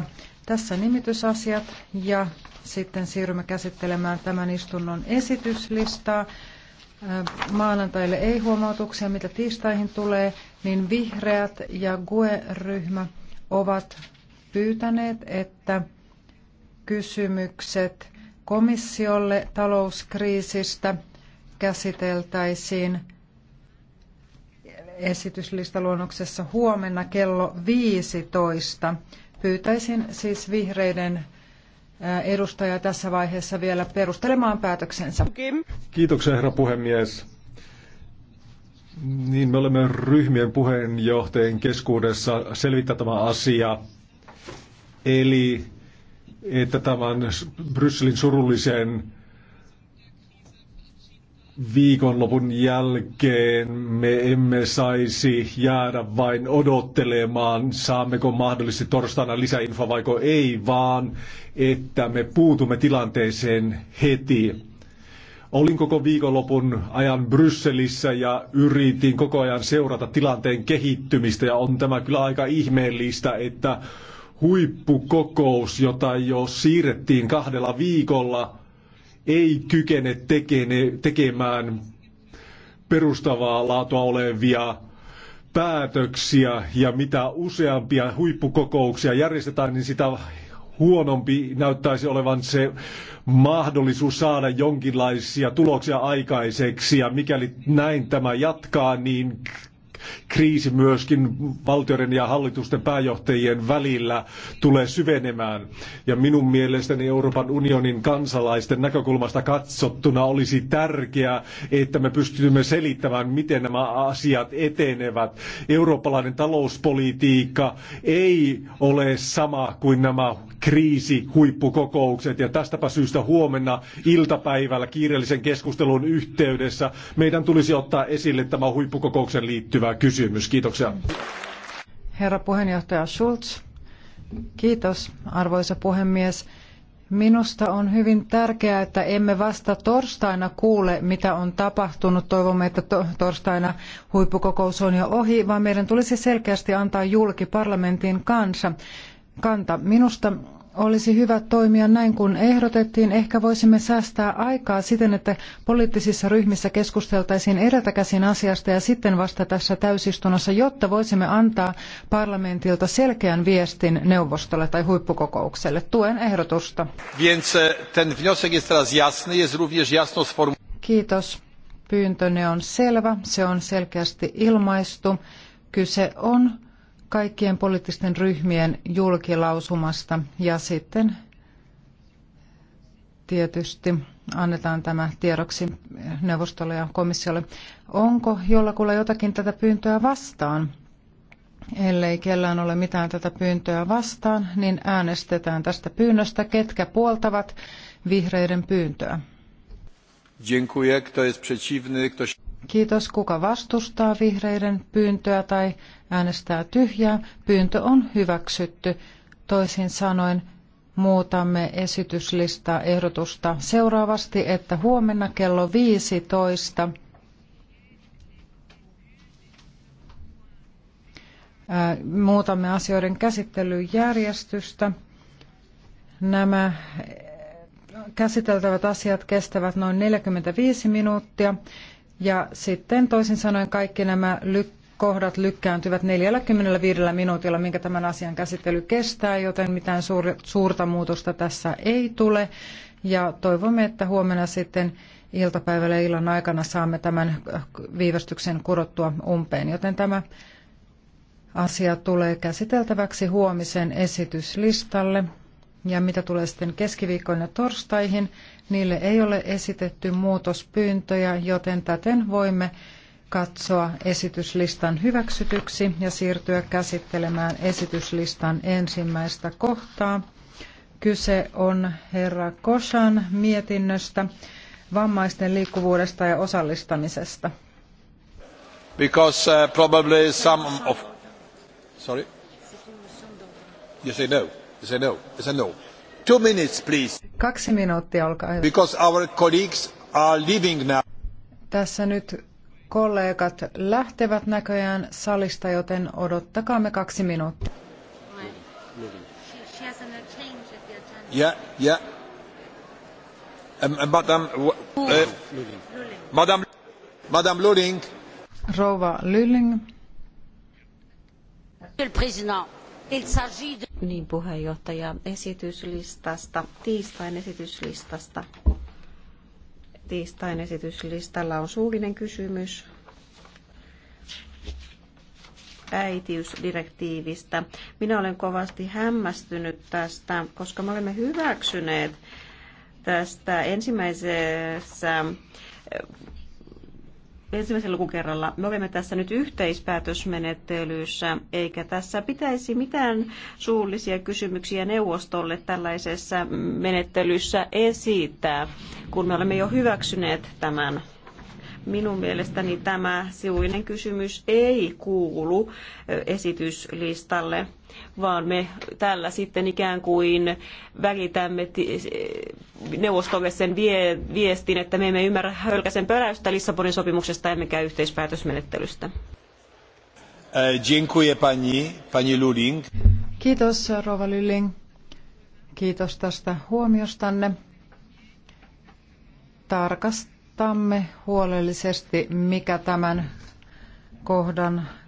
kanssa. Tässä nimitysasiat ja sitten siirrymme käsittelemään tämän istunnon esityslistaa. Äh, maanantaille ei huomautuksia, mitä tiistaihin tulee, niin vihreät ja GUE-ryhmä ovat pyytäneet, että kysymykset komissiolle talouskriisistä käsiteltäisiin esityslistaluonnoksessa huomenna kello 15. Pyytäisin siis vihreiden edustaja tässä vaiheessa vielä perustelemaan päätöksensä. Kiitoksia herra puhemies. Niin me olemme ryhmien puheenjohtajien keskuudessa selvittää tämä asia. Eli että tämän Brysselin surullisen viikonlopun jälkeen me emme saisi jäädä vain odottelemaan, saammeko mahdollisesti torstaina lisäinfoa vai ei, vaan että me puutumme tilanteeseen heti. Olin koko viikonlopun ajan Brysselissä ja yritin koko ajan seurata tilanteen kehittymistä ja on tämä kyllä aika ihmeellistä, että huippukokous, jota jo siirrettiin kahdella viikolla – ei kykene tekene, tekemään perustavaa laatua olevia päätöksiä ja mitä useampia huippukokouksia järjestetään, niin sitä huonompi näyttäisi olevan se mahdollisuus saada jonkinlaisia tuloksia aikaiseksi. Ja mikäli näin tämä jatkaa, niin kriisi myöskin valtioiden ja hallitusten pääjohtajien välillä tulee syvenemään. Ja minun mielestäni Euroopan unionin kansalaisten näkökulmasta katsottuna olisi tärkeää, että me pystymme selittämään, miten nämä asiat etenevät. Eurooppalainen talouspolitiikka ei ole sama kuin nämä kriisihuippukokoukset. Ja tästäpä syystä huomenna iltapäivällä kiireellisen keskustelun yhteydessä meidän tulisi ottaa esille tämä huippukokouksen liittyvä kysymys. Kiitoksia. Herra puheenjohtaja Schulz, kiitos arvoisa puhemies. Minusta on hyvin tärkeää, että emme vasta torstaina kuule, mitä on tapahtunut. Toivomme, että to- torstaina huippukokous on jo ohi, vaan meidän tulisi selkeästi antaa julki parlamentin kanssa kanta. Minusta olisi hyvä toimia näin kuin ehdotettiin. Ehkä voisimme säästää aikaa siten, että poliittisissa ryhmissä keskusteltaisiin edeltäkäsin asiasta ja sitten vasta tässä täysistunnossa, jotta voisimme antaa parlamentilta selkeän viestin neuvostolle tai huippukokoukselle. Tuen ehdotusta. E, Kiitos. Pyyntöne on selvä. Se on selkeästi ilmaistu. Kyse on kaikkien poliittisten ryhmien julkilausumasta ja sitten tietysti annetaan tämä tiedoksi neuvostolle ja komissiolle. Onko jollakulla jotakin tätä pyyntöä vastaan? Ellei kellään ole mitään tätä pyyntöä vastaan, niin äänestetään tästä pyynnöstä, ketkä puoltavat vihreiden pyyntöä. Dziękuję. Kto jest przeciwny? Kto... Kiitos. Kuka vastustaa vihreiden pyyntöä tai äänestää tyhjää? Pyyntö on hyväksytty. Toisin sanoen muutamme esityslistaa ehdotusta seuraavasti, että huomenna kello 15 muutamme asioiden käsittelyjärjestystä. Nämä käsiteltävät asiat kestävät noin 45 minuuttia. Ja sitten toisin sanoen kaikki nämä kohdat lykkääntyvät 45 minuutilla, minkä tämän asian käsittely kestää, joten mitään suurta muutosta tässä ei tule. Ja toivomme, että huomenna sitten iltapäivällä ja illan aikana saamme tämän viivästyksen kurottua umpeen, joten tämä asia tulee käsiteltäväksi huomisen esityslistalle. Ja mitä tulee sitten keskiviikkoon ja torstaihin, niille ei ole esitetty muutospyyntöjä, joten täten voimme katsoa esityslistan hyväksytyksi ja siirtyä käsittelemään esityslistan ensimmäistä kohtaa. Kyse on herra Koshan mietinnöstä vammaisten liikkuvuudesta ja osallistamisesta. Because uh, probably some of... Sorry? You say no. It's a no. It's a no. Two minutes, please. Kaksi minuuttia, olkaa hyvä. Because our colleagues are leaving now. Tässä nyt kollegat lähtevät näköjään salista, joten odottakaamme kaksi minuuttia. Yeah, yeah. Madame, Madame, Madame Rouva Lulling. Monsieur le Président, niin puheenjohtaja esityslistasta, tiistain esityslistasta. Tiistain esityslistalla on suullinen kysymys äitiysdirektiivistä. Minä olen kovasti hämmästynyt tästä, koska me olemme hyväksyneet tästä ensimmäisessä Ensimmäisellä lukukerralla. Me olemme tässä nyt yhteispäätösmenettelyssä, eikä tässä pitäisi mitään suullisia kysymyksiä neuvostolle tällaisessa menettelyssä esittää, kun me olemme jo hyväksyneet tämän minun mielestäni tämä sivuinen kysymys ei kuulu esityslistalle, vaan me tällä sitten ikään kuin välitämme neuvostolle sen vie, viestin, että me emme ymmärrä hölkäsen pöläystä Lissabonin sopimuksesta emmekä yhteispäätösmenettelystä. Eh, Kiitos Rova Lylling. Kiitos tästä huomiostanne. Tarkastamme huolellisesti, mikä tämän kohdan